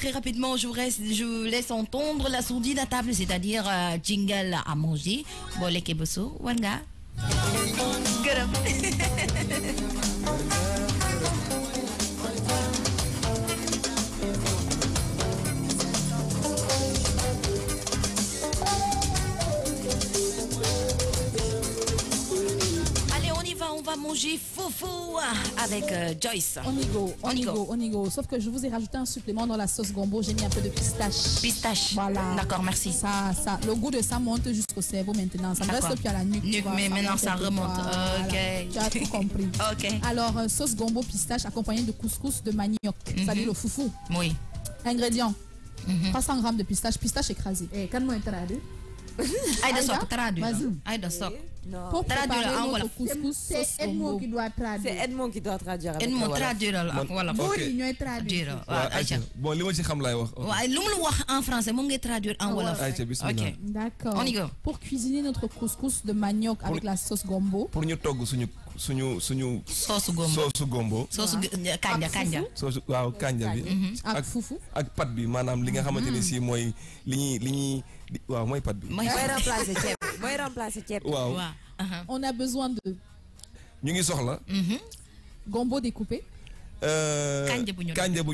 Très rapidement, je, vous je laisse entendre la sourdine à table, c'est-à-dire euh, jingle à manger. Bon, les Wanga. manger foufou euh, avec euh, Joyce. On y go, on, y go. on y go. Sauf que je vous ai rajouté un supplément dans la sauce gombo. J'ai mis un peu de pistache. Pistache. Voilà. D'accord, merci. Ça, ça, le goût de ça monte jusqu'au cerveau maintenant. Ça me reste plus à la nuque. mais maintenant ça remonte. Ok. Tu as tout compris. ok. Alors, euh, sauce gombo pistache accompagnée de couscous de manioc. Ça dit mhm. le foufou. Oui. Ingrédients. 300 mhm. grammes de pistache, pistache écrasée. Et quand moi, Aïda Sok, traduis. Aïda Sock. Pour traduire en C'est Edmond qui doit traduire. C'est Edmond qui doit traduire. Edmond traduire. bon en français traduire en wolof. d'accord. On y Pour cuisiner notre couscous de manioc avec la sauce gombo suñu suñu. sauce gombo sauce gombo. sauce. kanja kanja. waaw on a besoin de. ñu ngi soxla. Mhm. gombo découpé. Euh, kanja bu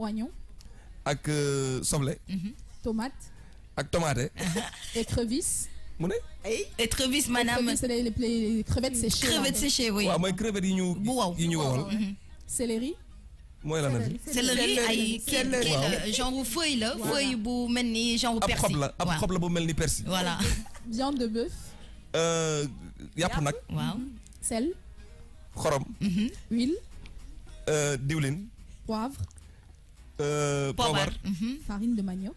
oignon. tomate. ak tomate. écrevisse mu ne. ay crevettes maanaam crevettes séchées crevettes séchées oui. waaw moi, crevettes y ñu. bu wow yi ñu wowal. céleri. moi la di. céleri ay kii euh, genre feuille là. feuille bu mel genre persil. ab xob la ab bu persil. voilà. viande de bœuf. Euh, yàpp nag. waaw. sel. xorom. Mhm. huile. Euh, diwlin. poivre. poivre mhm. farine de manioc.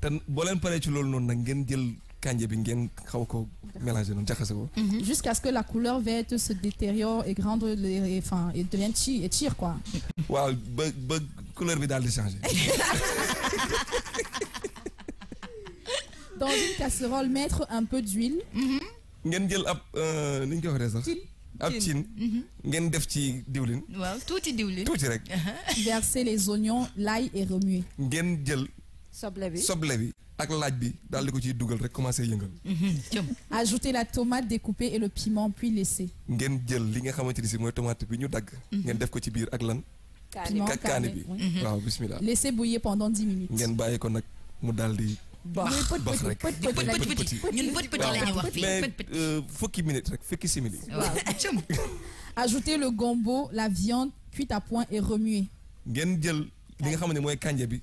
te boo leen paree ci loolu noonu nag ngeen jël bi ngeen xaw ko mélanger non jaxase ko. Mhm. jusqu'à ce que la couleur verte se détériore et grandre les enfin et devienne chi et tire quoi. waaw ba ba couleur bi daal di changer. dans une casserole mettre un peu d'huile. Mhm. ngeen jël ab euh, ni ñu koy sax. ab cin mhm. ngeen def ci diwlin. waaw tuuti diwlin. tuuti rek. verser les oignons l'ail et remuer. ngeen jël soble bi ak laaj bi daal di ko ciy dugal rek commencé yëngal. Mhm, ajouter la tomate découpée et le piment puis laisser. ngeen jël li nga xamante ni si mooy tomate bi ñu dagg. Mhm. ngeen def ko ci biir ak lan. kaani bi mhm. waaw bismillah. laisser bouillir pendant dix minutes. ngeen bàyyi ko nag mu daal di. baax baax rek pët ñun pët pët la ñuy wax fii euh, fukki minutes rek fukki simili. waaw ajouter le gombo la viande cuite à point et remuer. ngeen jël li nga xam ne mooy kanja bi.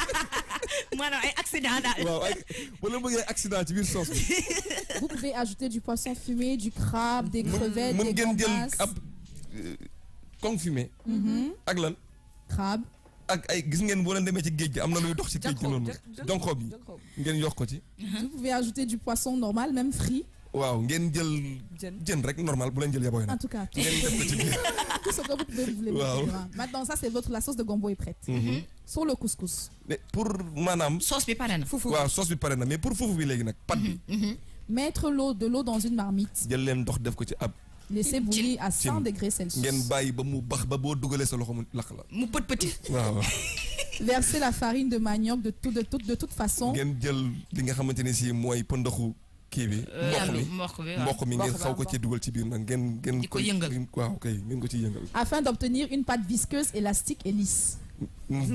maanaam ay accident daal. waaw ay wala mu bëggee accident ci biir sauce bi. vous pouvez ajouter du poisson fumé du crabe des crevettes des gambas mën ngeen jël ab confumé. Euh, mhm. ak lan. crabe. ak ay gis ngeen boo leen demee ci géej gi am na luy dox ci géej gi noonu. jonkob yi ngeen yokk ko ci. vous pouvez ajouter du poisson normal même frit. waaw ngeen jël. jën rek normal bu leen jël yaboy na. en tout cas ngeen def ko ci biir. tout ce que vous pouvez vous voulez. waaw hein. maintenant ça c'est votre la sauce de gombo est prête. mm sur le couscous. Mais pour madame. Sauce piparena. Foufou. sauce piparena. Mais pour foufou, il y a Mettre de l'eau dans une marmite. Laissez bouillir à 100 degrés Celsius. Verser la farine de manioc de, de, de toute façon. Afin d'obtenir une pâte visqueuse, élastique et lisse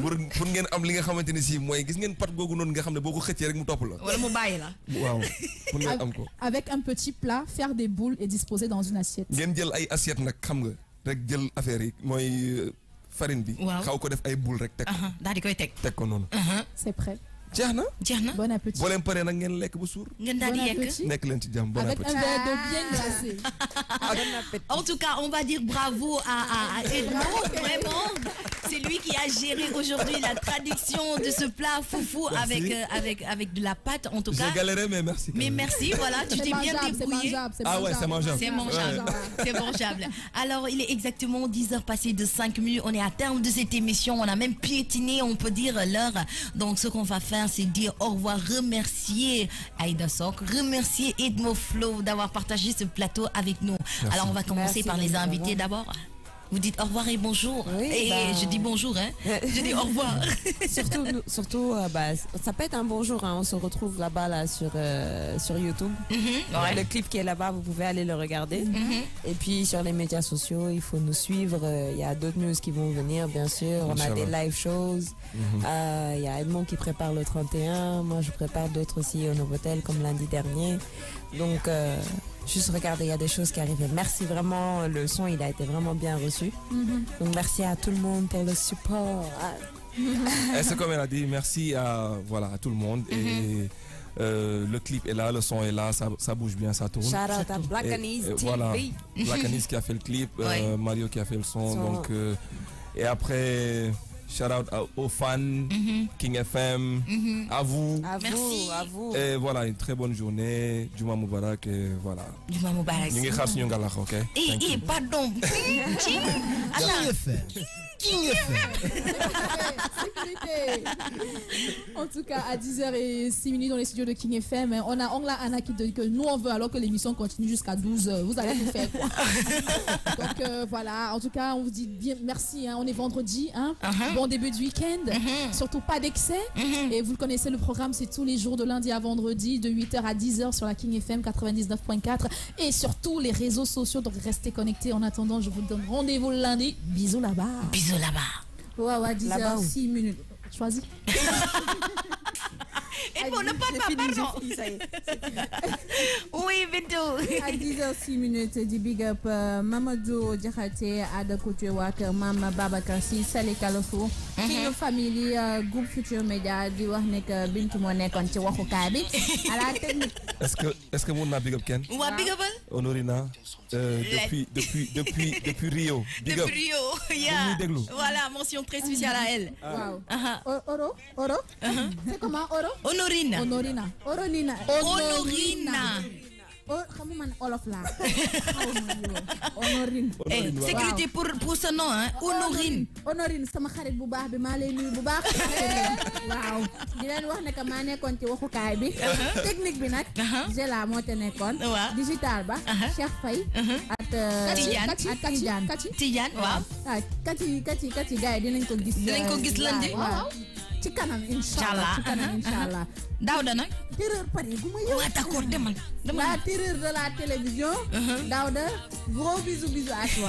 pour pour ngeen am li nga xamanteni si moy gis ngeen pat gogou non nga xamne boko boo rek mu top la. wala mu bàyyi la. waaw pour ngeen am ko. avec un petit plat faire des boules et disposer dans une assiette. ngeen jël ay assiette nak xam nga rek jël affaire yi moy euh, farine bi. xaw ko def ay boules rek tek ko. daal di koy tek tek ko noonu. c'est prêt bon appétit bon appétit. en tout cas on va dire bravo à à Edmond vraiment c'est lui qui a géré aujourd'hui la traduction de ce plat foufou avec euh, avec avec de la pâte en tout cas. j'ai galéré mais merci. mais merci voilà tu t'es bien débrouillé. ah ouais c'est mangeable c'est mangeable c'est mangeable alors il est exactement 10 heures passées de 5 minutes on est à terme de cette émission on a même piétiné on peut dire l'heure donc ce qu'on va faire c'est dire au revoir, remercier Aïda Sok, remercier Edmo Flo d'avoir partagé ce plateau avec nous. Alors, on va commencer par les invités d'abord vous dites au revoir et bonjour. et bah, je dis bonjour, hein. je dis au revoir. surtout, surtout euh, bah, ça peut être un bonjour. Hein. On se retrouve là-bas là, sur, euh, sur YouTube. Mm-hmm. Le clip qui est là-bas, vous pouvez aller le regarder. Mm-hmm. Et puis sur les médias sociaux, il faut nous suivre. Euh, il y a d'autres news qui vont venir, bien sûr. On a des live shows. Mm-hmm. il y a Edmond qui prépare le 31. Moi, je prépare d'autres aussi au Novotel, comme lundi dernier. Donc juste regarder, il y a des choses qui arrivaient. Merci vraiment, le son, il a été vraiment bien reçu. Mhm. Donc merci à tout le monde pour le support. Eh, c'est comme elle a dit, merci à, voilà, tout le monde. Et mhm. euh, le clip est là, le son est là, ça, bouge bien, ça tourne. Shout out à Black Anise. Euh, voilà, Black qui a fait le clip, euh, Mario qui a fait le son. Donc, et après Shout out aux fans, mhm. King FM, mhm. à vous. À Merci. à vous. Et voilà, une très bonne journée. Juma Moubarak, et voilà. Juma Moubarak. nous khas ok? Eh, eh pardon. en tout cas, à 10 h 6 minutes dans les studios de King FM, on a Angla Anna qui dit que nous on veut alors que l'émission continue jusqu'à 12h. Vous allez nous faire quoi Donc euh, voilà, en tout cas, on vous dit bien merci. Hein. on est vendredi. Hein. Uh-huh. Bon début de week-end. Uh-huh. Surtout pas d'excès. Uh-huh. Et vous le connaissez, le programme, c'est tous les jours de lundi à vendredi, de 8h à 10h sur la King FM 99.4 et sur tous les réseaux sociaux. Donc restez connectés. En attendant, je vous donne rendez-vous lundi. Bisous là-bas. Bisous là-bas. Ouais, ouais, 10h, 6 minutes. Choisis. Il faut ne pas, oui, Bintou. À 10h06 minutes du Big Up, euh, Mamadou Djakhate, Ada Koutouewak, Mama Babakar Si, Salé Kalofou. King mhm. Family, euh, groupe Futur Média, du Warnek Bintou Monek, on kabi. À la technique. Est-ce que, est-ce que monna Big Up Ken? Ou Big Up? Honorina, euh, depuis, depuis, depuis, depuis Rio. Big depuis Rio, yeah. Voilà, mention très spéciale à elle. Wow. Uh-huh. Oro, Oro, uh-huh. c'est comment Oro? Honorina. Honorina. Honorina. Honorina. Oh, kamu mana Olof lah. Oh, eh, eh? oh, Honorin. Eh, sécurité pour pour ce nom, Honorin. Honorin sama xarit bu baax bi maa lay bu baax. waaw. di wax ne ci bi. technique bi nag. Zela uh-huh. moo te digital ba. Uh-huh. Cheikh Faye. Uh-huh. ak uh, Tidiane ak Tidiane. Tidiane waaw. ah kati dinañ ko gis. dinañ ko gis uh, bisous bisous à toi.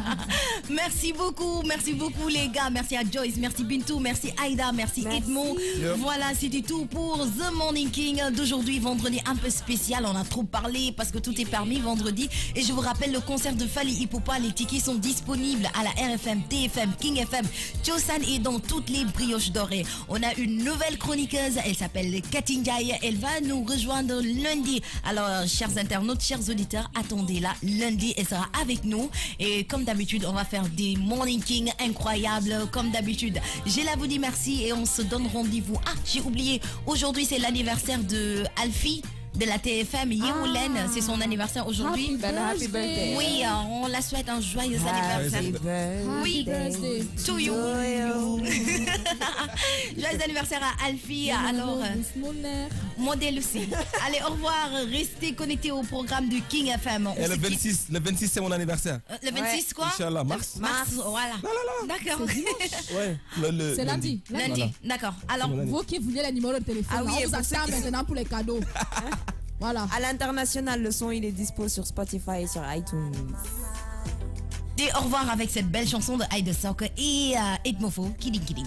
merci beaucoup merci beaucoup les gars merci à Joyce merci Bintou merci Aïda merci Edmond. voilà c'était tout pour The Morning King d'aujourd'hui vendredi un peu spécial on a trop parlé parce que tout est permis vendredi et je vous rappelle le concert de Fali Hippopa les tickets sont disponibles à la RFM TFM King FM Chosan et dans toutes les brioches d'or et On a une nouvelle chroniqueuse, elle s'appelle katinjai Elle va nous rejoindre lundi. Alors, chers internautes, chers auditeurs, attendez-la lundi. Elle sera avec nous. Et comme d'habitude, on va faire des morning kings incroyables, comme d'habitude. J'ai la vous dit merci et on se donne rendez-vous. Ah, j'ai oublié. Aujourd'hui, c'est l'anniversaire de Alfie de la TFM, Yewulen, ah. c'est son anniversaire aujourd'hui. Happy birthday. Oui, euh, on la souhaite un joyeux anniversaire. Oui, to you. joyeux anniversaire à Alfie. Alors, euh, modèle aussi. Allez, au revoir. Restez connectés au programme du King FM. le 26, le 26 c'est mon anniversaire. Euh, le 26 quoi Inch'Allah, mars. Mars, voilà. D'accord. Ouais, c'est lundi. Lundi, d'accord. Alors, vous qui voulez le numéro de téléphone, ah oui, vous, vous maintenant pour les cadeaux. Voilà. À l'international, le son, il est dispo sur Spotify et sur iTunes. Et au revoir avec cette belle chanson de Hyde Sock et euh, Edmofo, Kidding.